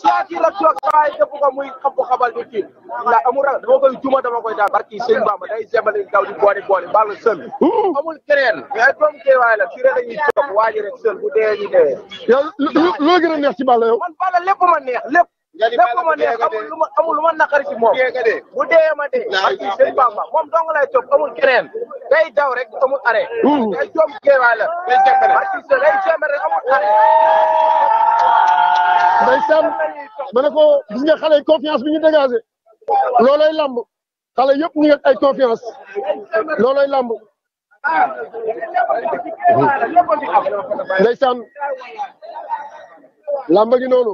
soit kii la toog waaye def ko muy xabu xabal di kii ndax amul ragal dama koy juma dama koy daal barki sëñ Bamba day zembale daw di boole boole bàll sël amul keneen mais ay doom kee waay la ci rek dañuy topp waa ji rek sël bu dee ñu dee yow loo gën a neex ci Balla yow man Balla lépp ma neex lépp lépp ma neex amul lu ma amul lu ma naqari ci moom bu dee ma dee barki sëñ Bamba moom dong lay topp amul keneen day daw rek amul arrêt day doom kee waay la barki sël day zembale rek amul arrêt ndeysaan ma ne ko gis nga xale yi confiance bi ñu dégagé loolooy lamb xale yëpp ñu ngi ay confiance loolooy lamb ndeysaan lamba gi noonu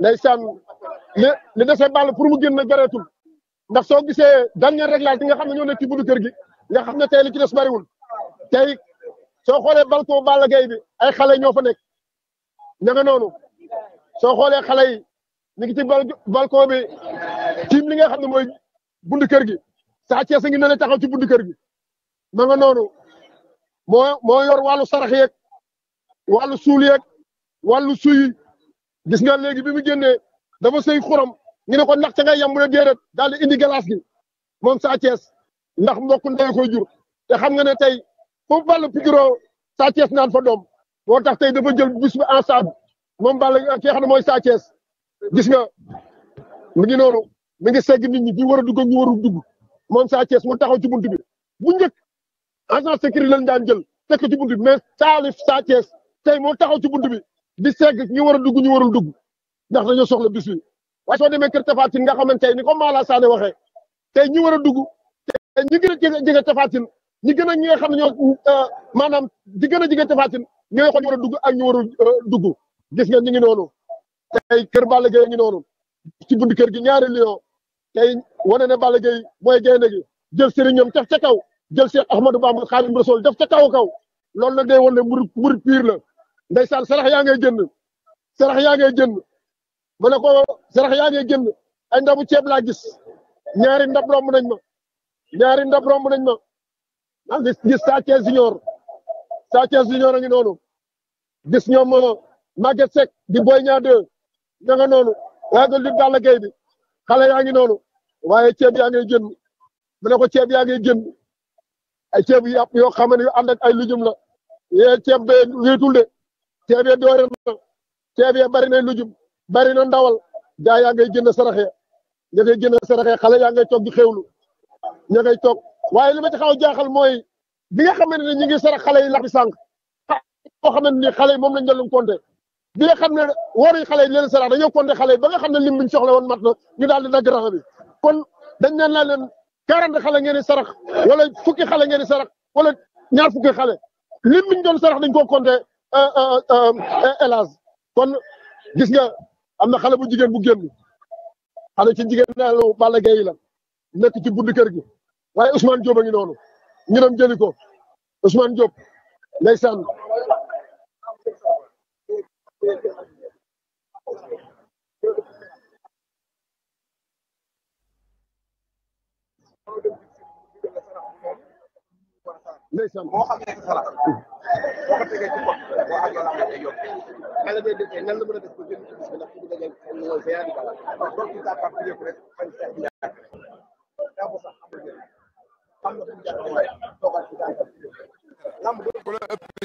ndeysaan li li dese bàll pour mu génn bareetul ndax soo gisee dernier réglage bi nga xam ne ñoo nekk ci budu kër gi nga xam ne tey li ci des bariwul tey soo xoolee balcon Balla Gaye bi ay xale ñoo fa nekk ña noonu soo xoolee xale yi ñu ngi ci balcon bi tiim li nga xam ne mooy bund kër gi Sa Thiès a ngi ne taxaw ci bund kër gi ma nga noonu moo moo yor wàllu sarax yeeg wàllu suul yeeg wàllu suy gis nga léegi bi mu génnee dafa sëy xuram ñu ne ko ndax ca ngay yam mu ne déedéet daal di indi galaas gi moom Sa ndax mbokk ndey koy jur te xam nga ne tey fu ball pigiroo Sa Thiès naan fa doom moo tax tey dafa jël bis bi en charge moom Balla ki nga mooy Sa gis nga mi ngi noonu mi ngi segg nit ñi di war a dugg ak ñu warul dugg moom Sa Thiès mu taxaw ci bunt bi bu njëkk agent sécurité lañ daan jël tekk ci bunt mais taalif Sa Thiès moo taxaw ci bunt bi di segg ñu war a dugg ñu warul dugg ndax dañoo soxla bis bi waaye soo demee kër Tapha Tine nga xamante ni comme Mawla Sané waxee tey ñi war a dugg te ñi gën a jege Tapha Tine ñi gën a ñi xam ne ñoo euh, maanaam di gën a jege Tapha Tine ñi nga war a dugg ak ñu warul euh, dugg gis nga ñu ngi noonu tey kër Balla Gaye ngi noonu ci bunt kër gi ñaari lion tey wane ne bala Gaye mooy gaynde gi jël sëriñam def ca kaw jël Cheikh Ahmadou Bamba Xaadimu Rasuul def ca kaw kaw loolu nag day ne murit murit piir la ndeysaan sarax yaa ngay jënd sarax yaa ngay jënd ma ne ko sarax yaa ngay jënd ay ndabu ceeb laa gis ñaari ndab romb nañ ma ñaari ndab romb nañ ma maa ngi gis Sa Thiès Junior Sa Thiès Junior a ngi noonu gis ñoom uh, Maguette Seck di Boy Niang 2 ña nga noonu waaye nga lim Balla Gaye bi xale yaa ngi noonu waaye ceeb yaa ngay génn mu ne ko ceeb yaa ngay génn ay ceeb yu yàpp yoo xam ne yu ànd ak ay lujum la yee ceeb bee wéetul de ceeb yee doore na ceeb yee bari na lujum bari na ndawal gaa yaa ngay génn saraxee ña ngay génn xale yaa ngay toog di xewlu ña ngay toog waaye lu ma xaw a jaaxal mooy bi nga xam ne ñu ngi sarax xale yi lax bi sànq boo xam ne ni xale yi moom lañ doon compté bi nga xam ne wóor yi xale yi leen sarax dañoo compté xale yi ba nga xam ne lim bi ñu soxla woon mat na ñu daal di dagg raxa bi kon dañ naan laa leen quarante xale ngeen di sarax wala fukki xale ngeen di sarax wala ñaar fukki xale lim bi ñu doon sarax dañ koo compté hélas kon gis nga am na xale bu jigéen bu génn xale ci jigéen naalu Balla Gaye la nekk ci bunt kër gi waaye Ousmane Diop a ngi noonu ñu dem jëli ko Ousmane Diop ndeysaan ndeysaan boo xam boo xam ne fa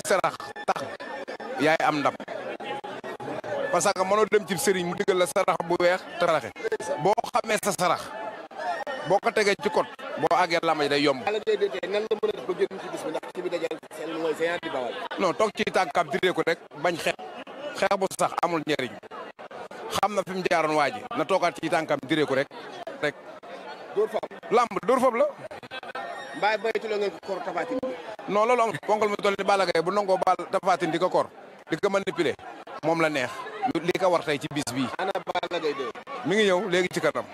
sarax tax yaay am ndam parce que mëno dem ci sëriñ mu diggal la sarax bu wéx te raxé bo xamé sa sarax boko ko ci kot bo àggee lamaj day yomb. la non tok ci tànkam diré ko rek bañ xéx xéx bu sax amul ñëriñ xamna fim jaaroon waji na tokat ci tankam diré ko rek rek. dur fop lamb dur fop la. mbaay baytuloo ngeen ko kor tafatin non lolo am ponkal mu toll ni bu nango bal tafatin diko kor diko manipuler mom la neex. li ko war tey ci bis bii. mi ngi ñëw léegi ci kanam.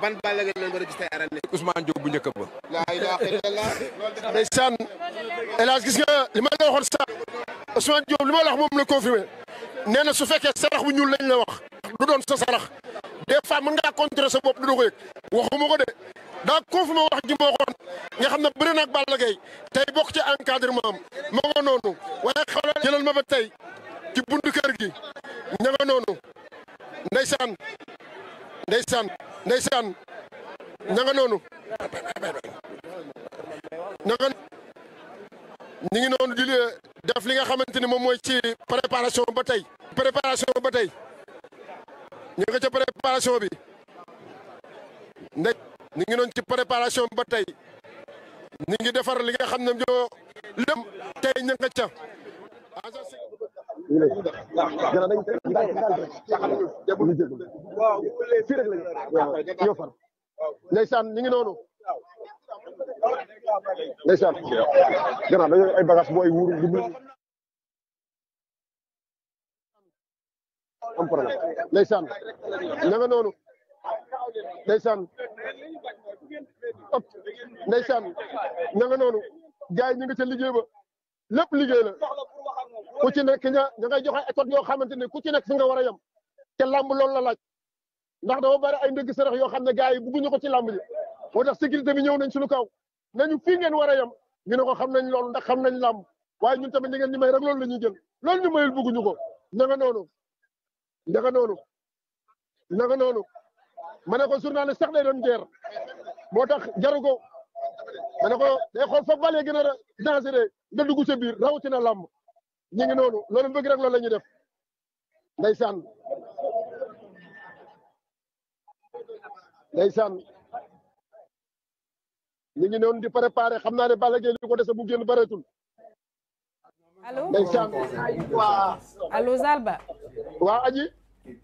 ban Balla Gaye lañ war a gis tey arène. Ousmane Diop bu ba. la ilaha illallah. ndeysaan hélas gis nga li ma la waxoon sax Ousmane Diop li wax moom la confirmé nee su fekkee sarax bu ñuul lañ la wax du doon sa sarax des fois a ngaa contrer sa bopp du ko yëg waxuma ko de daa confirmé wax ji ma waxoon nga xam ne bëri na ak Balla Gaye tey bokk ci encadrement am ma nga noonu waaye xelal jëlal ma ba tey. ci buntu kër gi ña nga noonu ndeysaan ndeysaan ndeysaan ña nga noonu ña nga ñu ngi noonu di def li nga xamante ni moom mooy ci préparation ba tey préparation ba tey ñu ca préparation bi ndey ñu ngi noonu ci préparation ba tey ñu ngi defar li nga xam ne joo lëm tey ña ñu far ndeysaan ñu ngi noonu ndeysaan gannaaw dañoo ay bagage booy wuur du am problème ndeysaan na nga noonu ndeysaan ëpp ndeysaan na nga noonu gars ñu ngi ca liggéey lépp liggéey na ku ci nekk ña ña ngay joxe école yoo xamante ne ku ci nekk fi nga war a yem te làmb loolu la laaj ndax dafa bare ay ndëgg sërëx yoo xam ne gars yi bugguñu ko ci làmb ji moo tax sécurité bi ñëw nañ suñu kaw nañu fii ngeen war a yem ñu ne ko xam nañ loolu ndax xam nañ làmb waaye ñun tamit ñi ngeen ñu may rek loolu la ñuy jël lool ñu mayul bugguñu ko na nga noonu na nga noonu na nga noonu ma ne sax day doon guerre moo tax jaru ko ma ne ko xool fa bale gën a dangereux nga dugg sa biir rawatina làmb ñu ngi noonu loolu bëgg rek loolu la ñuy def ndeysaan ndeysaan ñu ngi noonu di préparé xam naa ne Balla Gaye li ko dese bu génn bareetul. allo ndeysaan allo Zalba. waa aji.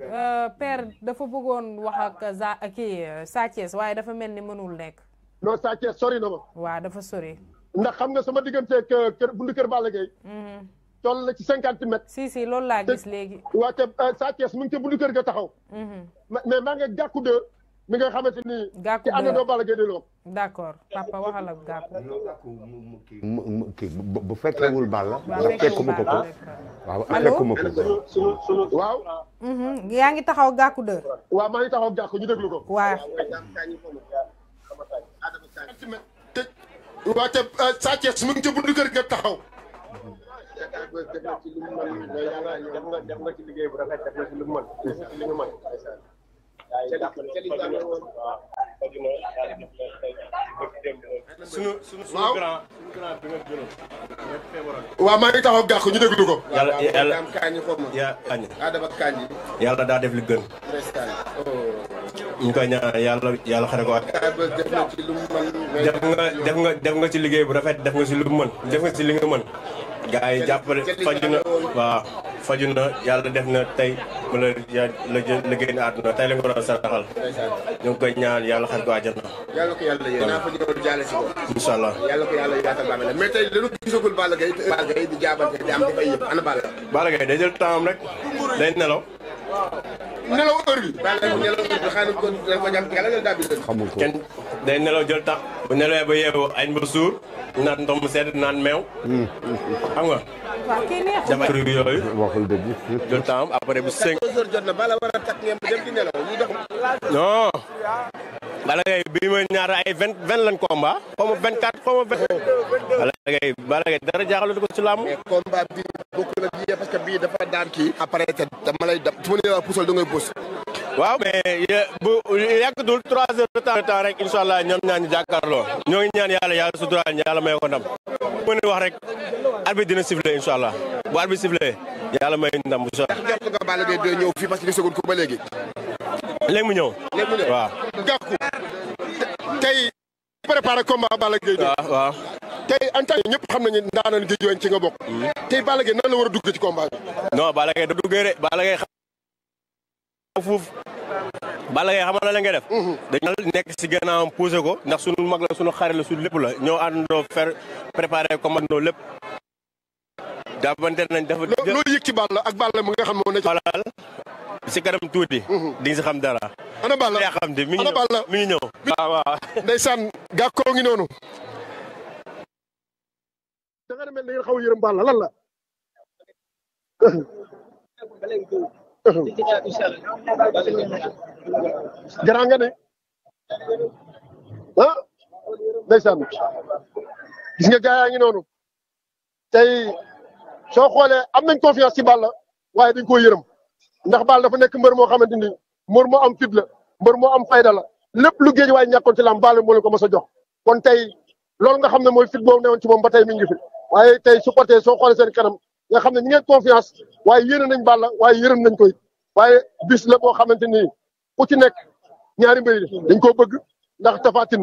Euh, père dafa bëggoon wax ak za kii Sa Thiès waaye dafa mel ni mënul nekk. non Sa Thiès sori na ma. waaw dafa sori. ndax xam nga sama diggante kër bundu kër Balla Gaye. toll na ci cinquante mètres. si si loolu laa gis léegi. waa te Sa Thiès mu ngi ca bundu kër ga taxaw. mais maa ngi gàkku de mi nga xamante ni. gàkku de ci àndandoo Balla Gaye de loolu. d' accord papa waxal ak gàkku. mu kii bu fekkewul Balla. waaw fekkuma ko ko waaw fekkuma ko ko. waaw. yaa ngi taxaw gàkku de. waaw maa ngi taxaw gàkku ñu déglu ko. waaw. waa ca Sa Thiès mu ngi ca buntu kër nga taxaw. def nga ci liggéey bu rafet def nga ci lu mu mën li nga mën. sunu sunu sunu grand sunu grand bi nga jëloon. waaw maa ngi taxaw gàkk ñu déglu ko. yàlla yàlla yàlla daa def li gën. ñu koy ñaanal yàlla yàlla xare ko waat. def nga def nga ci liggéey bu rafet def nga ci lu man def nga ci li nga mën. gaa yi jàppale faju na waaw faju na yàlla def na tey mu la la jël liggéey na àdduna tey la nga doon saraxal ñu ngi koy ñaan yàlla xar ko àjjana yàlla ko yàlla si ko incha allah yàlla ko yàlla yaatal bàmmeel mais tey dañu gisagul Balla Gaye day jël temps am rek day nelaw nelaw heure bi. xamul ko kenn day nelaw jël tax. bu nelawee ba yeewoo añ ba suur meew. xam nga. waaw kii neexul jamono yooyu. waxul bu cinq. na bala war a takk ngeen dem di nelaw ñu balagay bi bii mooy ay 20 20 lañ combat comme 24 comme quatre balagay balagay dara jaaxalatu ko ci làmb. mais combat bii bokkul ak bii parce que bi dafa daan ki après te dama lay dab su da ngay waaw mais bu yàggatul trois heures de temps de temps rek inshallah allah ñaan ñu jàkkaarloo ñoo ngi ñaan yalla yàlla suturaal yalla may ko ndam. bu ni wax rek arbitre dina siffler inshallah bu arbitre siffler yalla may ndam bu parce que ko mu mu waaw. tey préparé combat Balla Gaye waaw ah, waaw tey en tant que ñëpp xam nañu ndaanaan géej ci nga bokk hmm. tey Balla Gaye nan la war a dugg ci combat bi non Balla Gaye da xam la ngay def hmm. dañu nekk si gannaawam poussé ko ndax suñu mag la suñu xarit la suñu lépp la ñoo àndandoo faire préparé commandoo lépp dabante nañ dafa loolu yëg ci Balla ak Balla mu nga xam moo ne ci si kanam tuuti hmm. di nga si xam dara ana Balla yaa mi ngi ñëw mi ngi ñëw. waaw ngi noonu. da nga mel ni ngeen xaw a yërëm Balla lan la. garaan nga ne. ah ndeysaan gis nga gaa yaa ngi noonu. tey soo xoolee am nañ confiance ci Balla waaye dañ ko yërëm ndax Balla dafa nekk mbër moo xamante ni. mbër moo am fit la mbër moo am fayda la lépp lu géej waaye ñàkkoon ci lam baale moo ko mos a jox kon tey loolu nga xam ne mooy fit boobu newoon ci moom ba tey mi ngi fi waaye tey supporter soo xoolee seen kanam nga xam ne ñi ngeen confiance waaye yéene nañ Balla waaye yërëm nañ koy waaye bis la boo xamante ni ku ci nekk ñaari mbir dañ koo bëgg ndax tafatin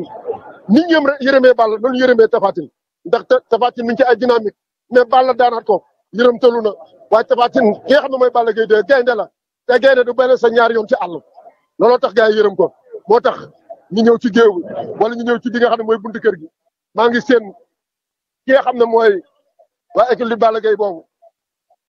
ni ñu yërëmee Balla noonu yërëmee tafatin ndax tafatin mi ngi ci ay dynamique mais Balla daanaat ko yërëm talu na waaye tafatin ki nga mooy Balla Gaye gaynde la te gaynde du benn sa ñaar yoon ci àll looloo tax gars yi ko moo tax ñu ñëw ci géew wala ñu ñëw ci li nga xam ne mooy buntu kër gi maa ngi seen ki nga xam ne mooy waa équipe li Balla Gaye boobu